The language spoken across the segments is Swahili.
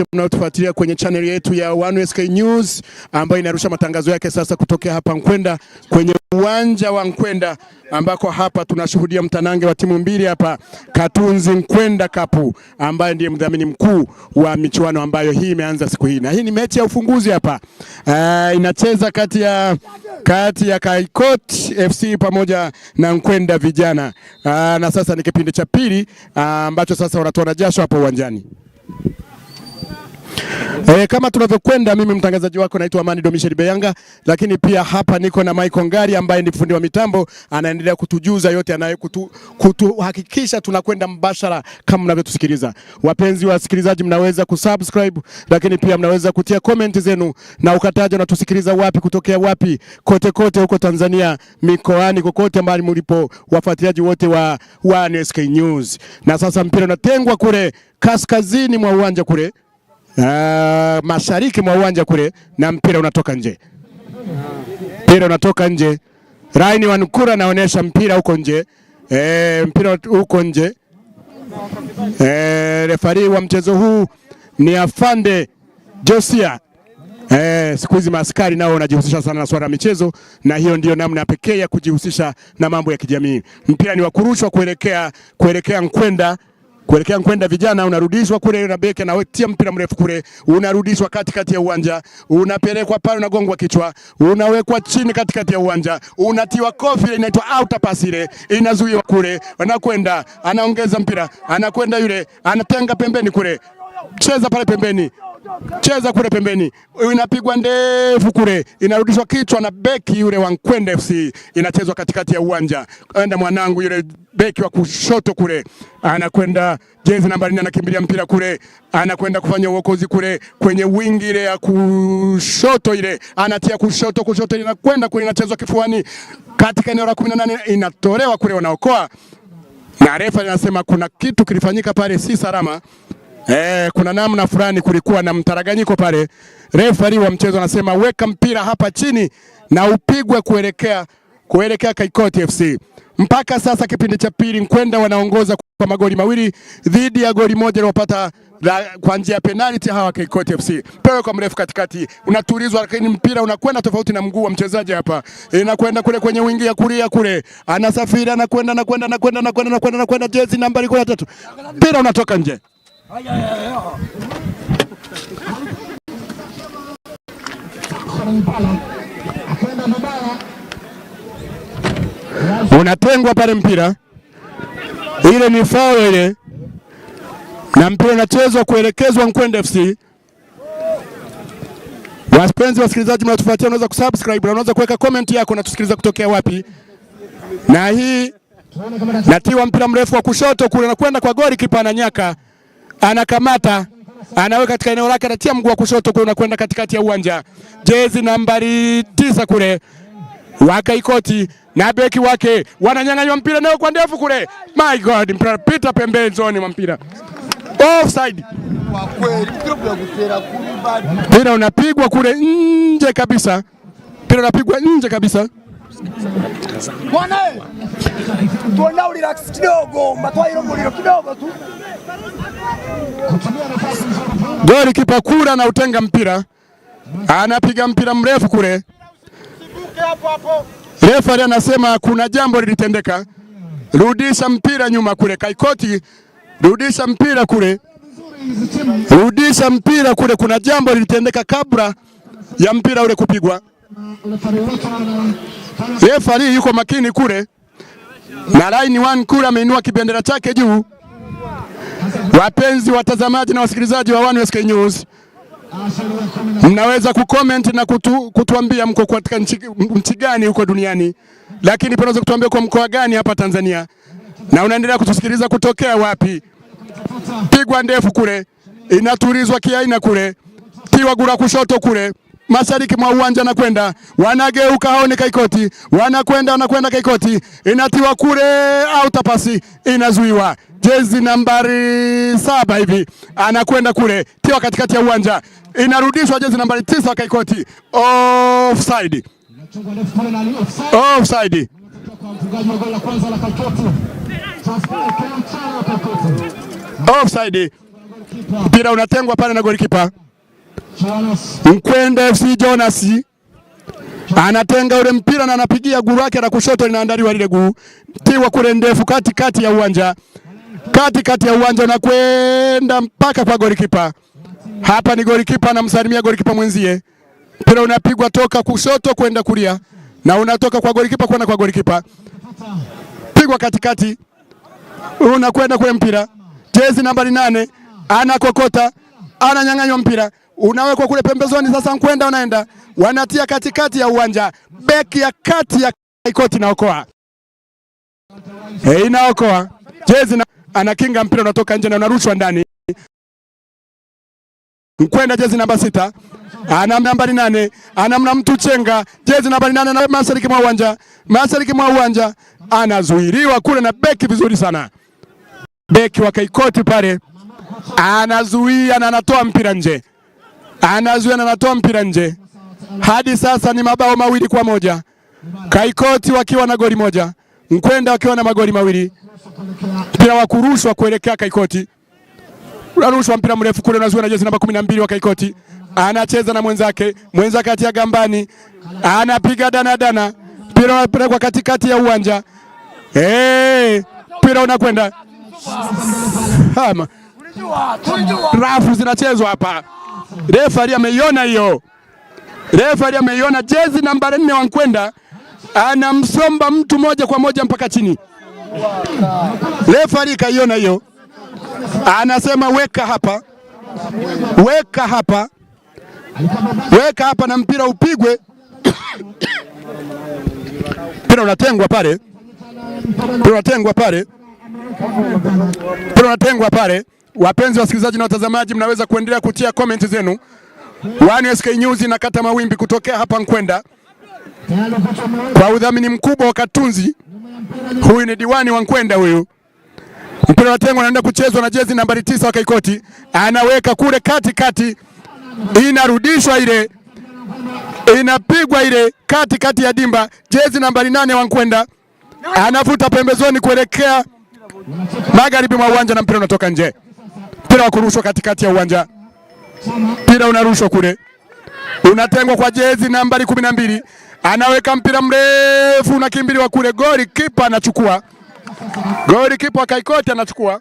wote mnaotufuatilia kwenye channel yetu ya One SK News ambayo inarusha matangazo yake sasa kutokea hapa Nkwenda kwenye uwanja wa Nkwenda ambako hapa tunashuhudia mtanange wa timu mbili hapa, Katunzi Nkwenda Kapu ambaye ndiye mdhamini mkuu wa michuano ambayo hii imeanza siku hii, na hii ni mechi ya ufunguzi hapa. Uh, inacheza kati ya kati ya Kaikot FC pamoja na Nkwenda vijana. Uh, na sasa ni kipindi cha pili ah, ambacho uh, sasa wanatoa na jasho hapa uwanjani. E, kama tunavyokwenda mimi mtangazaji wako naitwa Amani Domishel Beyanga, lakini pia hapa niko na Michael Ngari ambaye ni fundi wa mitambo, anaendelea kutujuza yote anayokutuhakikisha kutu, tunakwenda mbashara kama mnavyotusikiliza. Wapenzi wasikilizaji, mnaweza kusubscribe, lakini pia mnaweza kutia comment zenu na ukataja unatusikiliza wapi kutokea wapi, kote kote huko Tanzania, mikoani kokote mbali mlipo, wafuatiliaji wote wa One sk News. Na sasa mpira unatengwa kule kaskazini mwa uwanja kule uh, mashariki mwa uwanja kule, na mpira unatoka nje, mpira unatoka nje. Raini Wankura anaonesha mpira huko nje e, mpira huko nje e, refari wa mchezo huu ni Afande Josia. Eh, siku hizi maaskari nao wanajihusisha sana na swala la michezo, na hiyo ndio namna pekee ya kujihusisha na mambo ya kijamii. Mpira ni wa kurushwa kuelekea kuelekea Nkwenda kuelekea kwenda vijana, unarudishwa kule na beki anatia mpira mrefu kule, unarudishwa katikati ya uwanja, unapelekwa pale, unagongwa kichwa, unawekwa chini katikati ya uwanja, unatiwa kofi, inaitwa outer pass, ile inazuiwa kule, anakwenda anaongeza mpira, anakwenda yule, anatenga pembeni kule, cheza pale pembeni, cheza kule pembeni, inapigwa ndefu kule, inarudishwa kichwa na beki yule wa Nkwenda FC, inachezwa katikati ya uwanja. Enda mwanangu, yule beki wa kushoto kule anakwenda jezi namba 4 anakimbilia mpira kule, anakwenda kufanya uokozi kule kwenye wingi ile ya kushoto ile, anatia kushoto, kushoto inakwenda kule, inachezwa kifuani katika eneo la 18 inatolewa kule, wanaokoa na refa anasema kuna kitu kilifanyika pale, si salama. Eh, kuna namna fulani kulikuwa na mtaraganyiko pale. Referee wa mchezo anasema weka mpira hapa chini na upigwe kuelekea kuelekea Kaikoti FC. Mpaka sasa kipindi cha pili Nkwenda wanaongoza kwa magoli mawili dhidi ya goli moja lilopata kwa njia ya penalty hawa Kaikoti FC. Pewe kwa mrefu katikati, unatulizwa lakini mpira unakwenda tofauti na mguu wa mchezaji hapa. Inakwenda kule kwenye wingi ya kulia kule. Anasafiri anakwenda anakwenda anakwenda anakwenda anakwenda anakwenda jezi nambari 13. Mpira unatoka nje unatengwa pale, mpira ile ni faul ile, na mpira unachezwa kuelekezwa Mkwenda FC. Wapenzi wasikilizaji, mnatufuatia, unaweza kusubscribe na unaweza kuweka comment yako na tusikiliza kutokea wapi. Na hii natiwa mpira mrefu wa kushoto kule, nakwenda kwa goli, kipa nyaka anakamata anaweka katika eneo lake, anatia mguu wa kushoto kule, unakwenda katikati ya uwanja. Jezi nambari tisa kule wakaikoti na beki wake wananyang'anywa mpira nao kwa ndefu kule, my god, mpira pita pembeni zoni mwa mpira offside. Mpira unapigwa kule nje kabisa, mpira unapigwa nje kabisa. Bwana tuona relax kidogo, matwairo muliro kidogo tu. Goli kipa kura na utenga mpira, anapiga mpira mrefu kule, refari anasema kuna jambo lilitendeka, rudisha mpira nyuma kule, Kaikoti, rudisha mpira kule, rudisha mpira kule, kuna jambo lilitendeka kabla ya mpira ule kupigwa. Refari yuko makini kule na line one kule ameinua kibendera chake juu. Wapenzi watazamaji na wasikilizaji wa One SK News, mnaweza kucomment na kutu, kutuambia mko katika nchi, gani huko duniani, lakini panaweza kutuambia kwa mkoa gani hapa Tanzania na unaendelea kutusikiliza kutokea wapi. Pigwa ndefu kule, inatulizwa kiaina kule, gura kushoto kule mashariki mwa uwanja na kwenda wanageuka hao ni Kaikoti, wanakwenda wanakwenda Kaikoti, inatiwa kule autapasi inazuiwa, jezi nambari saba hivi anakwenda kule tiwa katikati ya uwanja, inarudishwa jezi nambari tisa wa Kaikoti, offside, offside. Offside. Mpira unatengwa pale na golikipa. Mkwende FC Jonas anatenga ule mpira na anapigia guru lake la kushoto linaandaliwa lile guru tiwa kule ndefu kati kati ya uwanja kati kati ya uwanja na kwenda mpaka kwa golikipa. Hapa ni golikipa anamsalimia golikipa mwenzie, mpira unapigwa toka kushoto kwenda kulia na unatoka kwa golikipa kwenda kwa golikipa, pigwa katikati, unakwenda kwa mpira. Jezi nambari nane anakokota, ananyang'anywa mpira unawekwa kule pembezoni, sasa nkwenda unaenda, wanatia katikati ya uwanja, beki ya kati ya ikoti inaokoa, hey, eh, inaokoa jezi na anakinga mpira unatoka nje na unarushwa ndani, nkwenda jezi namba sita ana nambari nane anamna mtu chenga jezi nambari nane na mashariki mwa uwanja, mashariki mwa uwanja anazuiriwa kule na beki vizuri sana, beki Kaikoti pale anazuia na anatoa mpira nje anazuia na anatoa mpira nje. Hadi sasa ni mabao mawili kwa moja, Kaikoti wakiwa na goli moja, Mkwenda wakiwa na magoli mawili. Mpira wa kurushwa kuelekea Kaikoti, unarushwa mpira mrefu kule, unazuia na jezi namba kumi na mbili wa Kaikoti, anacheza na mwenzake, mwenzake atia gambani, anapiga danadana, mpira unapelekwa katikati ya uwanja. Hey, mpira unakwenda rafu zinachezwa hapa. Refari ameiona hiyo, refari ameiona jezi namba nne Wankwenda anamsomba mtu moja kwa moja mpaka chini. Refari kaiona hiyo, anasema weka hapa, weka hapa, weka hapa na mpira upigwe. Mpira unatengwa pale, mpira unatengwa pale, mpira unatengwa pale Wapenzi wasikilizaji na watazamaji, mnaweza kuendelea kutia comment zenu. One SK News inakata mawimbi kutokea hapa Nkwenda kwa udhamini mkubwa wa Katunzi. Huyu ni diwani wa Nkwenda huyu. Mpira wa tengo anaenda kuchezwa na jezi nambari tisa wa Kaikoti, anaweka kule katikati, inarudishwa ile, inapigwa ile kati kati ya dimba. Jezi nambari nane wa Nkwenda anavuta pembezoni kuelekea magharibi mwa uwanja na mpira unatoka nje mpira wa kurushwa katikati ya uwanja, mpira unarushwa kule, unatengwa kwa jezi nambari kumi na mbili, anaweka mpira mrefu na kimbili wa kule, goli kipa anachukua, goli kipa Kaikoti anachukua.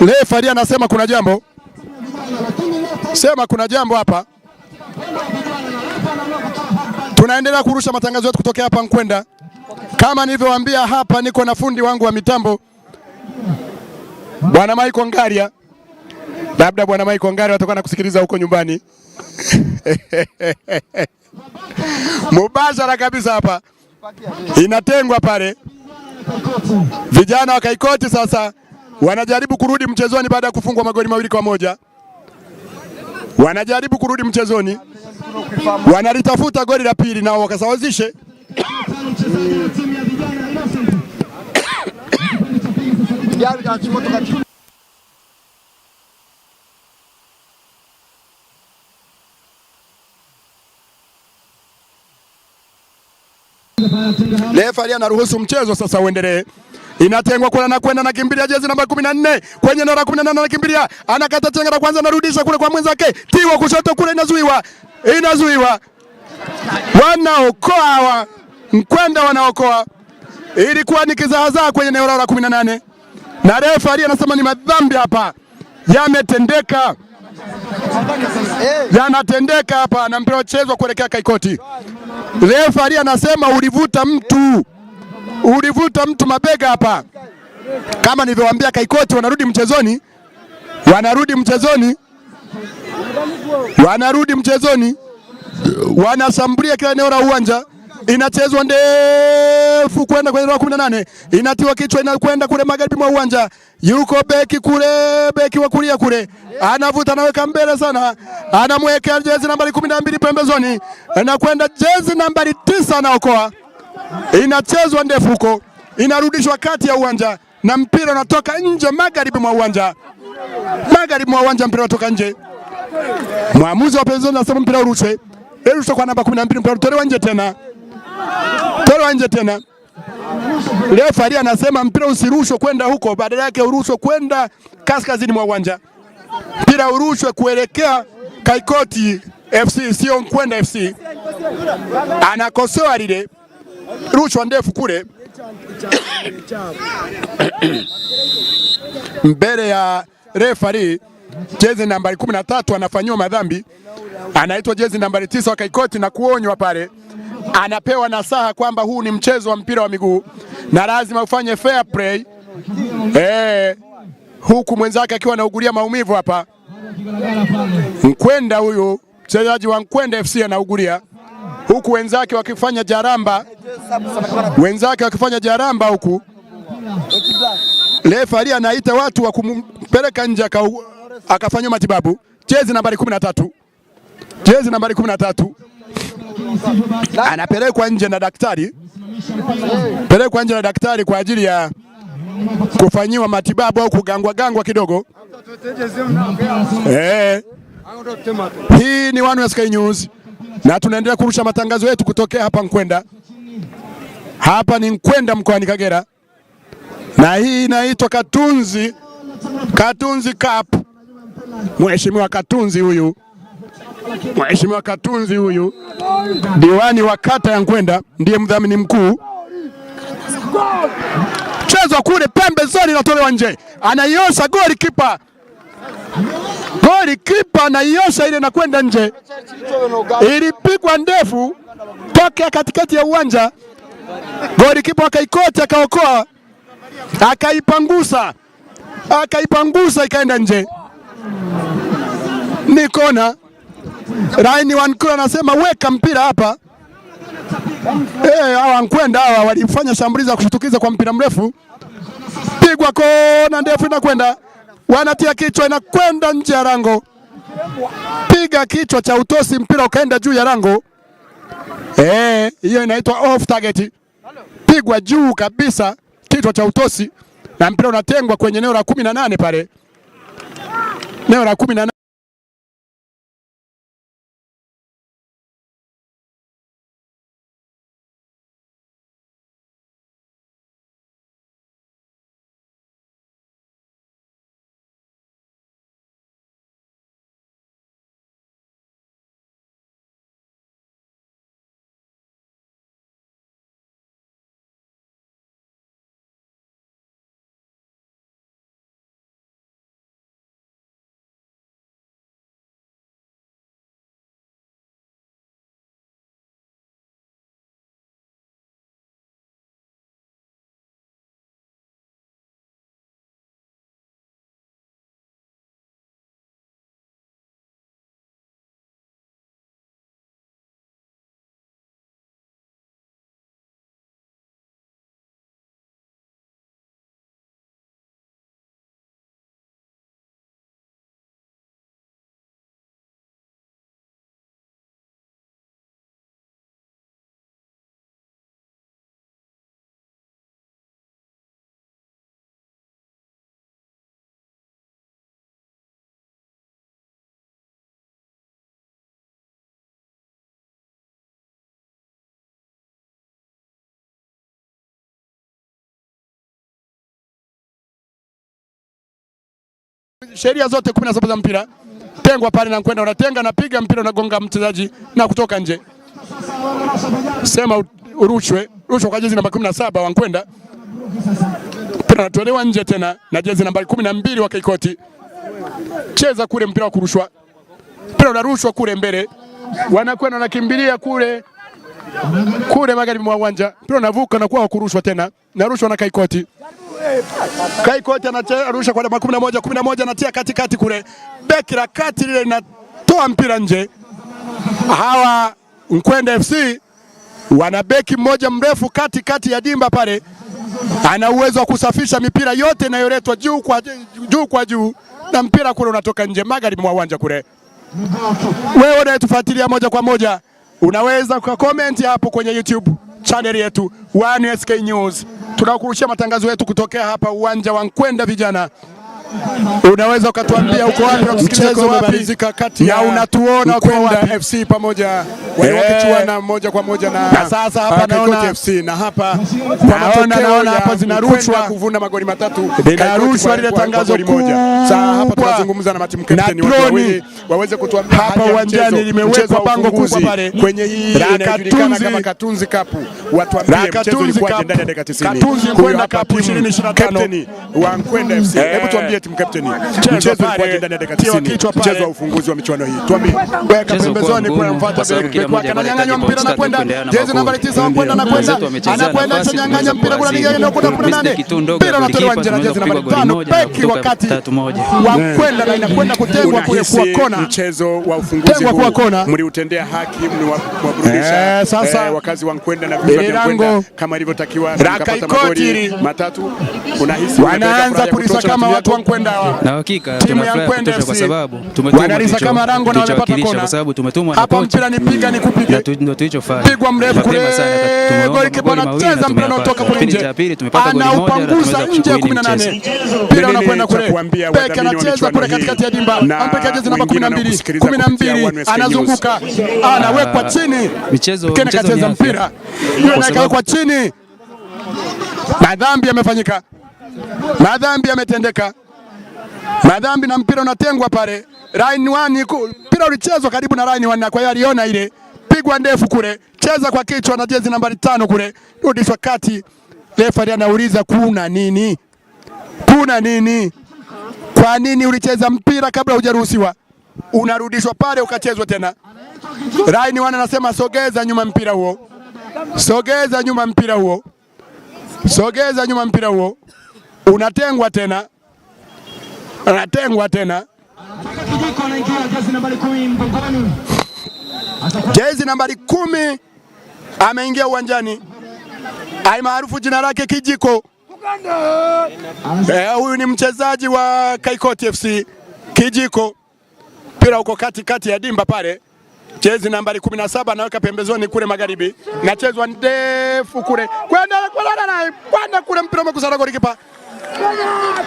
Refari anasema kuna jambo, sema kuna jambo hapa. Tunaendelea kurusha matangazo yetu kutokea hapa Nkwenda. Kama nilivyowaambia hapa, niko na fundi wangu wa mitambo Bwana Michael Ngaria, labda Bwana Michael Ngaria watakuwa nakusikiliza huko nyumbani mubashara kabisa hapa inatengwa pale, vijana wa Kaikoti sasa wanajaribu kurudi mchezoni baada ya kufungwa magoli mawili kwa moja. Wanajaribu kurudi mchezoni, wanalitafuta goli la pili nao wakasawazishe kijari kachimoto kati Refari anaruhusu mchezo sasa uendelee. Inatengwa kule na kwenda na kimbilia jezi namba 14 kwenye namba 18 na kimbilia. Anakata chenga la kwanza anarudisha kule kwa mwenzake. Tiwa kushoto kule inazuiwa. Inazuiwa. Wanaokoa hawa. Mkwenda wanaokoa. Ilikuwa ni kizaazaa kwenye eneo la 18 na refa anasema ni madhambi hapa yametendeka, yanatendeka hapa, na mpira uchezwa kuelekea Kaikoti. Refa anasema ulivuta mtu, ulivuta mtu mabega hapa. Kama nilivyowaambia, Kaikoti wanarudi mchezoni, wanarudi mchezoni, wanarudi mchezoni, wanashambulia kila eneo la uwanja inachezwa ndefu kwenda kwenye roa kumi na nane, inatiwa kichwa, inakwenda kule magharibi mwa uwanja. Yuko beki kule, beki wa kulia kule, anavuta anaweka mbele sana, anamwekea jezi nambari kumi na mbili pembezoni, anakwenda jezi nambari tisa, anaokoa. Inachezwa ndefu huko, inarudishwa kati ya uwanja na mpira unatoka nje magharibi mwa uwanja, magharibi mwa uwanja, mpira unatoka nje. Mwamuzi wa pembezoni anasema mpira urushwe, irushwe kwa namba kumi na mbili, mpira utolewa nje tena tolewa nje tena. Leo Faria anasema mpira usirushwe kwenda huko, badala yake urushwe kwenda kaskazini mwa uwanja, mpira urushwe kuelekea Kaikoti FC, sio kwenda FC. Anakosoa lile rushwa ndefu kule mbele ya refari jezi nambari kumi na tatu anafanyiwa madhambi, anaitwa jezi nambari tisa wa Kaikoti na kuonywa pale anapewa nasaha kwamba huu ni mchezo wa mpira wa miguu na lazima ufanye fair play eh, huku mwenzake akiwa anaugulia maumivu hapa. Nkwenda huyu mchezaji wa Nkwenda FC anaugulia huku wenzake wakifanya jaramba, wenzake wakifanya jaramba huku ali anaita watu wa kumpeleka nje akafanywa matibabu. Jezi nambari 13, jezi nambari 13 anapelekwa nje na daktari, pelekwa nje na daktari kwa ajili ya kufanyiwa matibabu au kugangwa gangwa kidogo. Eh, hii ni One Sky News na tunaendelea kurusha matangazo yetu kutokea hapa Nkwenda. Hapa ni Nkwenda mkoani Kagera, na hii inaitwa Katunzi Katunzi Cup. Mheshimiwa Katunzi huyu Mheshimiwa Katunzi huyu diwani wa kata ya Nkwenda ndiye mdhamini mkuu. chezwa kule pembe zoni inatolewa nje, anaiosha goli kipa, goli kipa anaiosha ile kwenda nje, ilipigwa ndefu tokea katikati ya uwanja, goli kipa akaikoti, akaokoa, akaipangusa, akaipangusa ikaenda nje, nikona raini Wankula anasema weka mpira hapa. Eh, hawa Nkwenda hawa walifanya shambulizi ya kushtukiza kwa mpira mrefu. Pigwa kona ndefu inakwenda. Wanatia kichwa inakwenda nje ya rango. Piga kichwa cha utosi mpira ukaenda juu ya rango. Eh, hiyo inaitwa off target. Pigwa juu kabisa kichwa cha utosi na mpira unatengwa kwenye eneo la nane pale. Eneo la nane. Sheria zote kumi na saba za mpira, tengwa pale na kwenda, unatenga, napiga mpira, unagonga mchezaji na kutoka nje. Sema urushwe, rushwa kwa jezi namba kumi na saba wankwenda, mpira unatolewa nje tena na jezi namba kumi na mbili wa Kaikoti. Cheza kule mpira wa kurushwa, mpira unarushwa kule mbele, wanakwenda wanakimbilia kule kule magharibi mwa uwanja, mpira unavuka na kuwa kurushwa tena, narushwa na Kaikoti. Kaikoti anarusha kwa namba 11, 11 anatia katikati kule, beki la kati lile linatoa mpira nje. Hawa Nkwenda FC wana beki mmoja mrefu kati kati ya dimba pale, ana uwezo wa kusafisha mipira yote inayoletwa juu kwa juu kwa juu, na mpira kule unatoka nje magharibi mwa uwanja kule. Wewe unayetufuatilia moja kwa moja, unaweza comment hapo kwenye YouTube chaneli yetu 1SK News. Tunakurushia matangazo yetu kutokea hapa uwanja wa Nkwenda vijana. Unaweza ukatuambia uko wapi, mchezo umemalizika kati ya unatuona kwa wapi? FC pamoja eh. wakichua na moja kwa moja na na sasa hapa naona FC na hapa naona naona hapa zinarushwa kuvuna magoli matatu, linarushwa lile tangazo moja. Sasa hapa tunazungumza na matimu captain wa wawili waweze kutuambia hapa uwanjani limewekwa bango kubwa pale kwenye hii inayojulikana kama Katunzi Cup, watuambie mchezo ulikuwa ndani ya dakika 90 Katunzi kwenda Cup 2025 wa Nkwenda FC, hebu eh. tuambie team captain, mchezo ulikuwa ndani ya dakika 90, mchezo wa ufunguzi wa michuano hii. Tuambie, weka pembezoni kwa mfuata beki kwa ananyang'anywa mpira na kwenda jezi namba 9 kwenda na kwenda anakwenda kunyang'anya mpira kuna nigeni na kuna 18 mpira unatolewa nje na jezi namba 5 beki wakati wa kwenda na inakwenda kutengwa kule kwa kona. Mchezo wa ufunguzi huu mliutendea haki, mliwaburudisha eh, sasa eh, wakazi wa Nkwenda na vifaa vya Nkwenda kama ilivyotakiwa, mkapata magoli matatu. Unahisi wanaanza kulisa kama watu wa Nkwenda na hakika timu ya Nkwenda kwa sababu tumetumwa kama rango na wamepata kona, kwa sababu tumetumwa hapa. Mpira ni piga ni kupiga, ndio tulichofanya. Pigwa mrefu kule, goli kipa anacheza mpira unaotoka kule nje, pili tumepata goli moja, anaupanguza nje ya 18, mpira unakwenda kule, peke anacheza kule katikati ya dimba, Ampeke jezi namba 12 12, anazunguka ah, anawekwa chini, michezo anacheza mpira yule, akawekwa chini, madhambi yamefanyika, madhambi yametendeka na na mpira unatengwa pale line one, mpira ulichezwa karibu na line one, kwa hiyo aliona ile pigwa ndefu kule, cheza kwa kichwa na jezi nambari tano kule, rudishwa kati. Refa anauliza kuna nini? Kuna nini? Kwa nini ulicheza mpira kabla hujaruhusiwa? Unarudishwa pale ukachezwa tena. Line wana anasema sogeza nyuma mpira huo, sogeza nyuma mpira huo, sogeza nyuma mpira huo, unatengwa tena anatengwa tena, jezi nambari kumi ameingia uwanjani, aimaarufu jina lake Kijiko. Eh, huyu ni mchezaji wa Kaikoti FC Kijiko, mpira uko kati kati ya dimba pale, jezi nambari kumi na saba anaweka pembezoni kule magharibi, nachezwa ndefu kule kwenda kule, mpira umekusana golikipa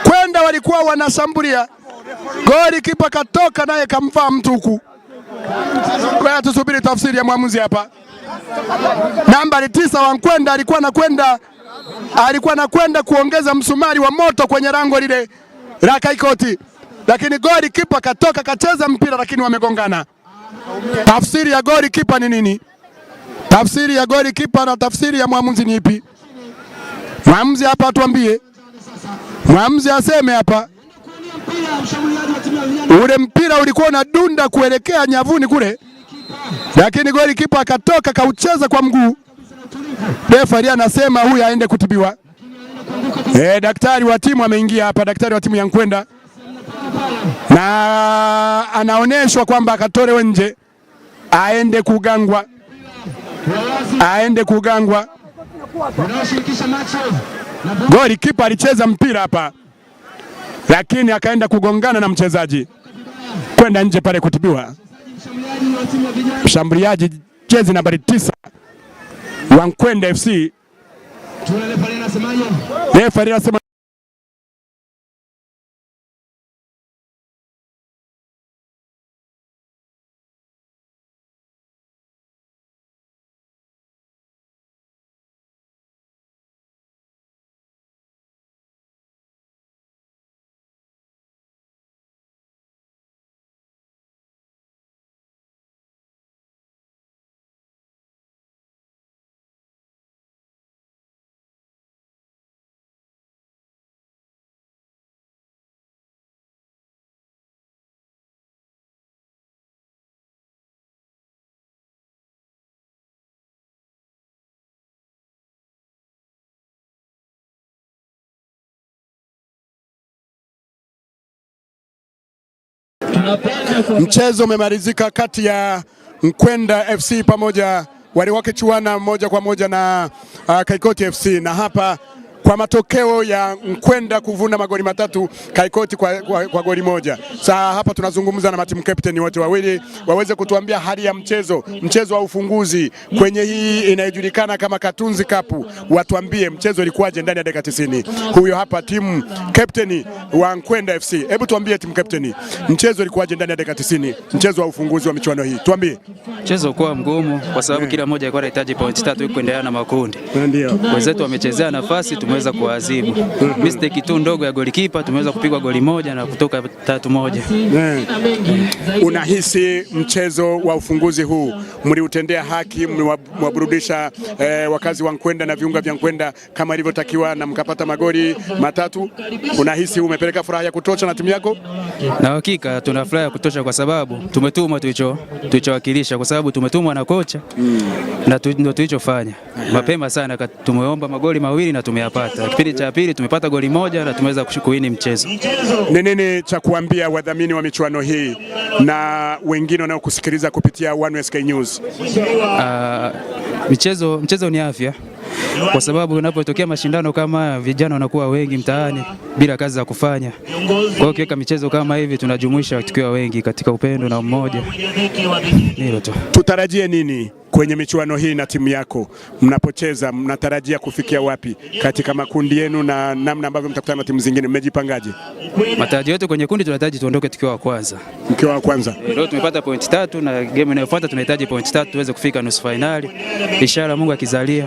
kwenda walikuwa wanashambulia, goli kipa katoka naye kamvaa mtu huku. Kwa tusubiri tafsiri ya mwamuzi hapa. Nambari tisa Wankwenda alikuwa anakwenda alikuwa anakwenda kuongeza msumari wa moto kwenye lango lile la Kaikoti, lakini goli kipa katoka kacheza mpira, lakini wamegongana. Tafsiri ya goli kipa ni nini? Tafsiri ya goli kipa na tafsiri ya mwamuzi ni ipi? Mwamuzi hapa atuambie. Mwamuzi aseme hapa, ule mpira ulikuwa unadunda kuelekea nyavuni kule, lakini goli kipa akatoka kaucheza kwa mguu. Refari anasema huyu aende kutibiwa. E, daktari wa timu ameingia hapa, daktari wa timu ya Nkwenda na anaonyeshwa kwamba akatolewe nje, aende kugangwa, aende kugangwa. Goli kipa alicheza mpira hapa, lakini akaenda kugongana na mchezaji kwenda nje pale kutibiwa. Mshambuliaji jezi nambari tisa Wankwenda FC. Refa anasema Mchezo umemalizika kati ya Nkwenda FC pamoja Wariwake Chuana moja kwa moja na uh, Kaikoti FC na hapa kwa matokeo ya Mkwenda kuvuna magoli matatu Kaikoti kwa, kwa, kwa goli moja. Sasa hapa tunazungumza na matimu captain wote wawili waweze kutuambia hali ya mchezo, mchezo wa ufunguzi kwenye hii inayojulikana kama Katunzi Cup, watuambie mchezo ilikuwaje ndani ya dakika 90. Huyo hapa timu captain wa Nkwenda FC. Hebu tuambie timu captain, mchezo ilikuwaje ndani ya dakika 90, mchezo wa ufunguzi wa michuano hii, tuambie. Mchezo kwa mgumu kwa sababu yeah. Kila mmoja alikuwa anahitaji pointi tatu kuendelea na makundi. Ndio. Wenzetu wamechezea nafasi tume tumeweza kuwaadhibu. Mistake tu ndogo ya golikipa tumeweza kupigwa goli moja na kutoka tatu moja. Yeah. Unahisi mchezo wa ufunguzi huu mliutendea haki, mliwaburudisha eh, wakazi wa Nkwenda na viunga vya Nkwenda kama ilivyotakiwa na mkapata magoli matatu. Unahisi umepeleka furaha ya kutosha na timu yako? Na hakika tuna furaha ya kutosha kwa sababu tumetumwa tulicho tulichowakilisha, kwa sababu tumetumwa na kocha mm. na ndio tulichofanya mapema sana, tumeomba magoli mawili na tumeyapata tumepata. Kipindi cha pili tumepata goli moja na tumeweza kushukuini mchezo. Ni nini cha kuambia wadhamini wa michuano hii na wengine wanaokusikiliza kupitia One SK News? Uh, michezo, mchezo ni afya, kwa sababu unapotokea mashindano kama vijana wanakuwa wengi mtaani bila kazi za kufanya. Kwa hiyo ukiweka michezo kama hivi, tunajumuisha tukiwa wengi katika upendo na umoja. Hilo tu. Tutarajie nini kwenye michuano hii na timu yako mnapocheza, mnatarajia kufikia wapi katika makundi yenu na namna ambavyo mtakutana na timu zingine, mmejipangaje? Matarajio yetu kwenye kundi, tunahitaji tuondoke tukiwa wa kwanza. Mkiwa wa kwanza leo tumepata pointi tatu, na game inayofuata tunahitaji pointi tatu tuweze kufika nusu fainali, ishara Mungu akizalia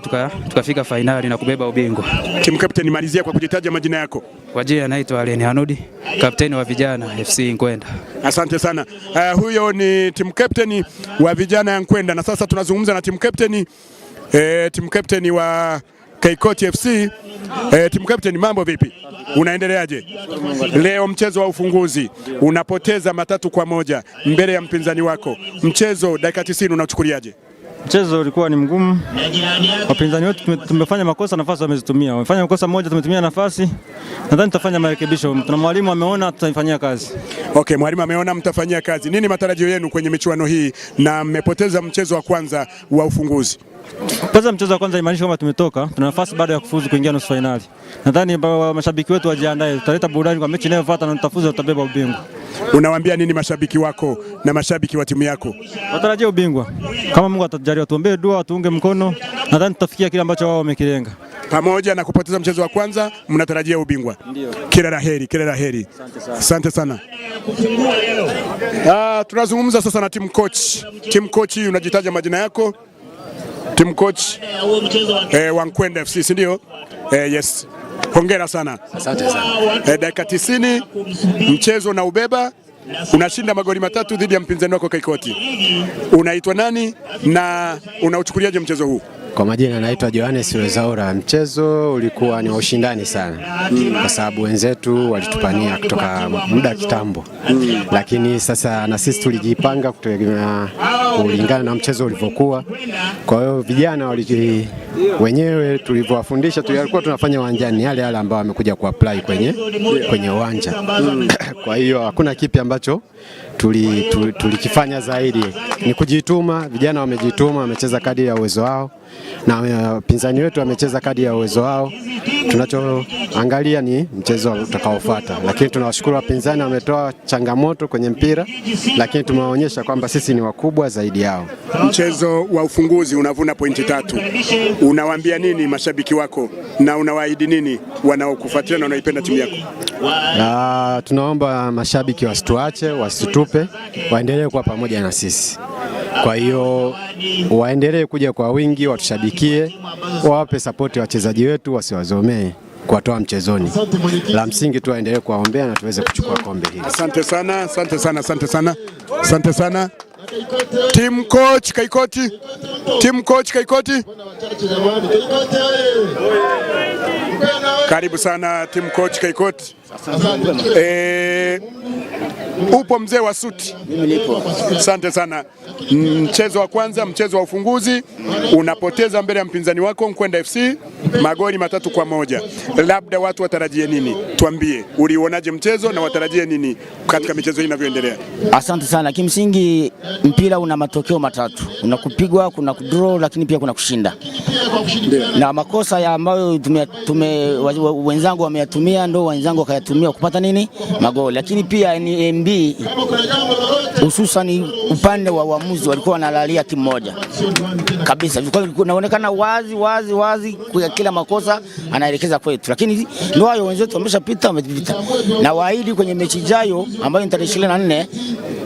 tukafika tuka fainali na kubeba ubingwa. Team captain, malizia kwa kujitaja majina majina yako? Kwa jina naitwa Aleni Hanudi, kapteni wa vijana FC Nkwenda. Asante sana. Uh, huyo ni timu captain wa vijana ya Nkwenda, na sasa tunazungumza na team captain eh, team captain wa Kaikoti FC. Eh, team captain, mambo vipi? Unaendeleaje leo? Mchezo wa ufunguzi unapoteza matatu kwa moja mbele ya mpinzani wako, mchezo dakika 90 unachukuliaje? Mchezo ulikuwa ni mgumu, wapinzani wetu tumefanya makosa, nafasi wamezitumia. Wamefanya makosa moja, tumetumia nafasi. Nadhani tutafanya marekebisho, tuna mwalimu ameona, tutaifanyia kazi. Okay, mwalimu ameona, mtafanyia kazi. Nini matarajio yenu kwenye michuano hii, na mmepoteza mchezo wa kwanza wa ufunguzi? Kwanza mchezo wa kwanza imaanisha kwamba tumetoka, tuna nafasi baada ya kufuzu kuingia nusu fainali. Nadhani mashabiki wetu wajiandae, tutaleta burudani kwa mechi inayofuata na tutafuzu, tutabeba ubingwa. Unawaambia nini mashabiki wako na mashabiki wa timu yako? Watarajia ubingwa kama Mungu atajalia, tuombee dua, tuunge mkono. Nadhani tutafikia kile ambacho wao wamekilenga. Pamoja na kupoteza mchezo wa kwanza, mnatarajia ubingwa? Ndio. Kila laheri, kila kila asante sana. Asante sana. Ah, tunazungumza sasa na team coach. Team coach, unajitaja majina yako team coach eh, Wankwenda eh, FC si ndio? Eh, yes. Hongera sana. Asante sana. Eh, dakika 90 mchezo na ubeba unashinda magoli matatu dhidi ya mpinzani wako Kaikoti. Unaitwa nani na unauchukuliaje mchezo huu? Kwa majina naitwa Johannes Wezaura. Mchezo ulikuwa ni wa ushindani sana mm. kwa sababu wenzetu walitupania kutoka muda kitambo mm. lakini sasa na sisi tulijipanga kutegemea kulingana na mchezo ulivyokuwa. Kwa hiyo vijana waliji, wenyewe tulivyowafundisha tulikuwa tunafanya uwanjani yale yale ambao wamekuja kuapply kwenye kwenye uwanja kwa hiyo hakuna kipi ambacho tulikifanya tuli, tuli zaidi ni kujituma. Vijana wamejituma, wamecheza kadi ya uwezo wao na wapinzani uh, wetu wamecheza kadi ya uwezo wao. Tunachoangalia ni mchezo utakaofuata, lakini tunawashukuru wapinzani, wametoa changamoto kwenye mpira, lakini tumewaonyesha kwamba sisi ni wakubwa zaidi yao. Mchezo wa ufunguzi unavuna pointi tatu, unawaambia nini mashabiki wako na unawaahidi nini wanaokufuatilia na wanaipenda timu yako? Aa, uh, tunaomba mashabiki wasituache, wasitutupe, waendelee kuwa pamoja na sisi. Kwa hiyo waendelee kuja kwa wingi, watushabikie, wawape sapoti wachezaji wetu, wasiwazomee kuwatoa mchezoni. La msingi tu waendelee kuwaombea na tuweze kuchukua kombe hili. Asante sana, asante sana, asante sana, asante sana. Team coach Kaikoti, team coach Kaikoti, karibu sana team coach Kaikoti. Eh, upo mzee wa suti? Mimi nipo. Asante sana. Mchezo wa kwanza, mchezo wa ufunguzi, unapoteza mbele ya mpinzani wako Mkwenda FC magoli matatu kwa moja. Labda watu watarajie nini? Tuambie ulionaje mchezo na watarajie nini katika michezo hii inavyoendelea? Asante sana. Kimsingi mpira una matokeo matatu, una kupigwa, kuna kudraw, lakini pia kuna kushinda. Na makosa ya ambayo tume, tume wenzangu wameyatumia, ndo wenzangu wakaya yatumia kupata nini magoli, lakini pia NMB hususan upande wa uamuzi walikuwa wanalalia timu moja kabisa, naonekana wazi wazi wazi kwa kila makosa anaelekeza kwetu, lakini ndio hayo, wenzetu wameshapita, wamepita na waahidi kwenye mechi ijayo ambayo ni tarehe 24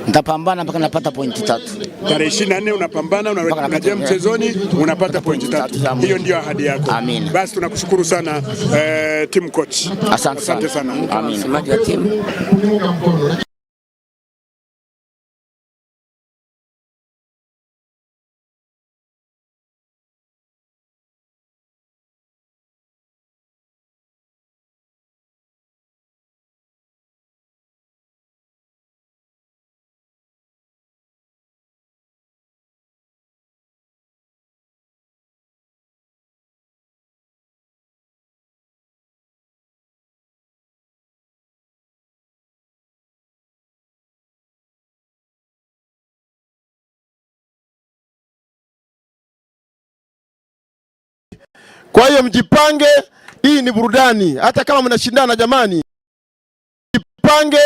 nitapambana mpaka napata pointi tatu. Tarehe 24 unapambana, unarejea mchezoni, unapata pointi tatu. Hiyo ndio ahadi yako. Amina. Basi tunakushukuru sana eh, team coach. Asante, asante sana, sana timu kama msemaji wa timu. Kwa hiyo mjipange, hii ni burudani. Hata kama mnashindana jamani, mjipange,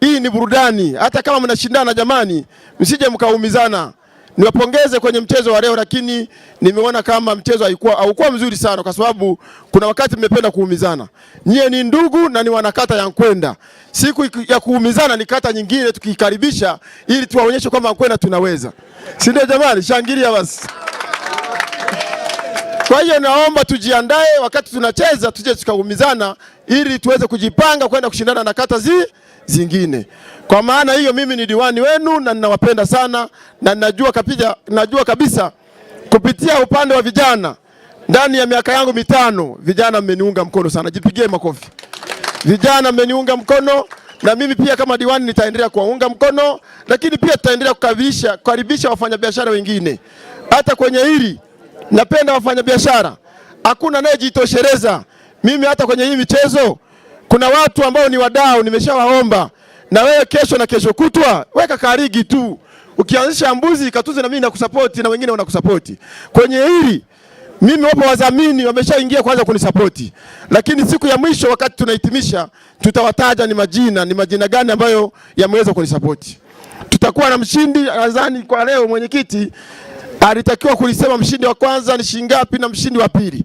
hii ni burudani. Hata kama mnashindana jamani, msije mkaumizana. Niwapongeze kwenye mchezo wa leo, lakini nimeona kama mchezo haikuwa haukuwa mzuri sana, kwa sababu kuna wakati mmependa kuumizana. Nyie ni ndugu na ni wanakata ya Nkwenda. Siku ya kuumizana ni kata nyingine tukiikaribisha, ili tuwaonyeshe kwamba Nkwenda tunaweza, si ndio? Jamani, shangilia basi. Kwa hiyo naomba tujiandae, wakati tunacheza tuje tukaumizana, ili tuweze kujipanga kwenda kushindana na kata zi, zingine. Kwa maana hiyo, mimi ni diwani wenu na ninawapenda sana na najua, kapija, najua kabisa kupitia upande wa vijana ndani ya miaka yangu mitano, vijana mmeniunga mkono sana, jipigie makofi. Vijana mmeniunga mkono na mimi pia kama diwani nitaendelea kuwaunga mkono, lakini pia tutaendelea kukaribisha wafanyabiashara wengine hata kwenye hili napenda wafanyabiashara, hakuna anayejitosheleza. Mimi hata kwenye hii michezo kuna watu ambao ni wadau, nimeshawaomba na wewe kesho na kesho kutwa weka karigi tu, ukianzisha mbuzi katuze, na mimi nakusapoti na wengine wanakusapoti kwenye hili. Mimi wapo wadhamini wameshaingia kwanza kunisapoti, lakini siku ya mwisho wakati tunahitimisha, tutawataja ni majina, ni majina gani ambayo yameweza kunisapoti. Tutakuwa na mshindi. Nadhani kwa leo mwenyekiti alitakiwa kulisema mshindi wa kwanza ni shilingi ngapi na mshindi wa pili.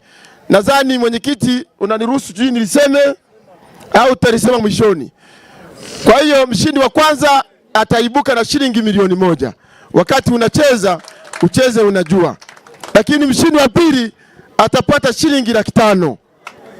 Nadhani mwenyekiti, unaniruhusu juu niliseme au utalisema mwishoni? Kwa hiyo mshindi wa kwanza ataibuka na shilingi milioni moja. Wakati unacheza ucheze unajua, lakini mshindi wa pili atapata shilingi laki tano,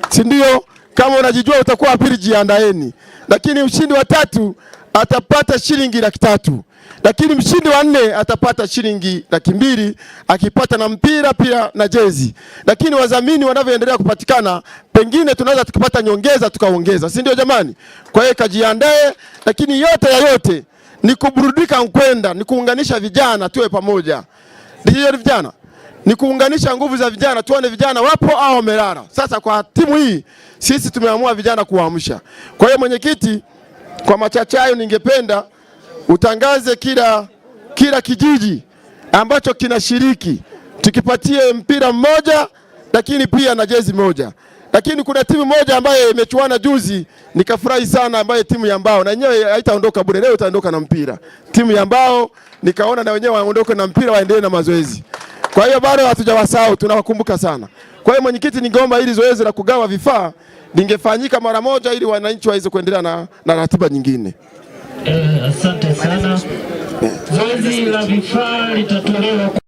si ndio? Kama unajijua utakuwa wa pili, jiandaeni. Lakini mshindi wa tatu atapata shilingi laki tatu lakini mshindi wa nne atapata shilingi laki mbili akipata na mpira pia na jezi. Lakini wadhamini wanavyoendelea kupatikana, pengine tunaweza tukipata nyongeza tukaongeza, si ndio jamani? Kwa hiyo kajiandae, lakini yote ya yote ni kuburudika kwenda, ni kuunganisha vijana tuwe pamoja, ndio vijana ni kuunganisha nguvu za vijana, tuone vijana wapo au wamelala. Sasa kwa timu hii sisi tumeamua vijana kuwaamsha. Kwa hiyo mwenyekiti, kwa machache hayo ningependa utangaze kila, kila kijiji ambacho kinashiriki tukipatie mpira mmoja, lakini pia na jezi moja. Lakini kuna timu moja ambayo imechuana juzi nikafurahi sana, ambayo timu ya Mbao na yenyewe haitaondoka bure, leo itaondoka na mpira. Timu ya Mbao nikaona na wenyewe waondoke na mpira, waendelee na mazoezi. Kwa hiyo bado hatujawasahau, tunawakumbuka sana. Kwa hiyo mwenyekiti, ningeomba hili zoezi la kugawa vifaa lingefanyika mara moja, ili wananchi waweze kuendelea na, na ratiba nyingine. Eh, asante sana. Zoezi la vifaa litatolewa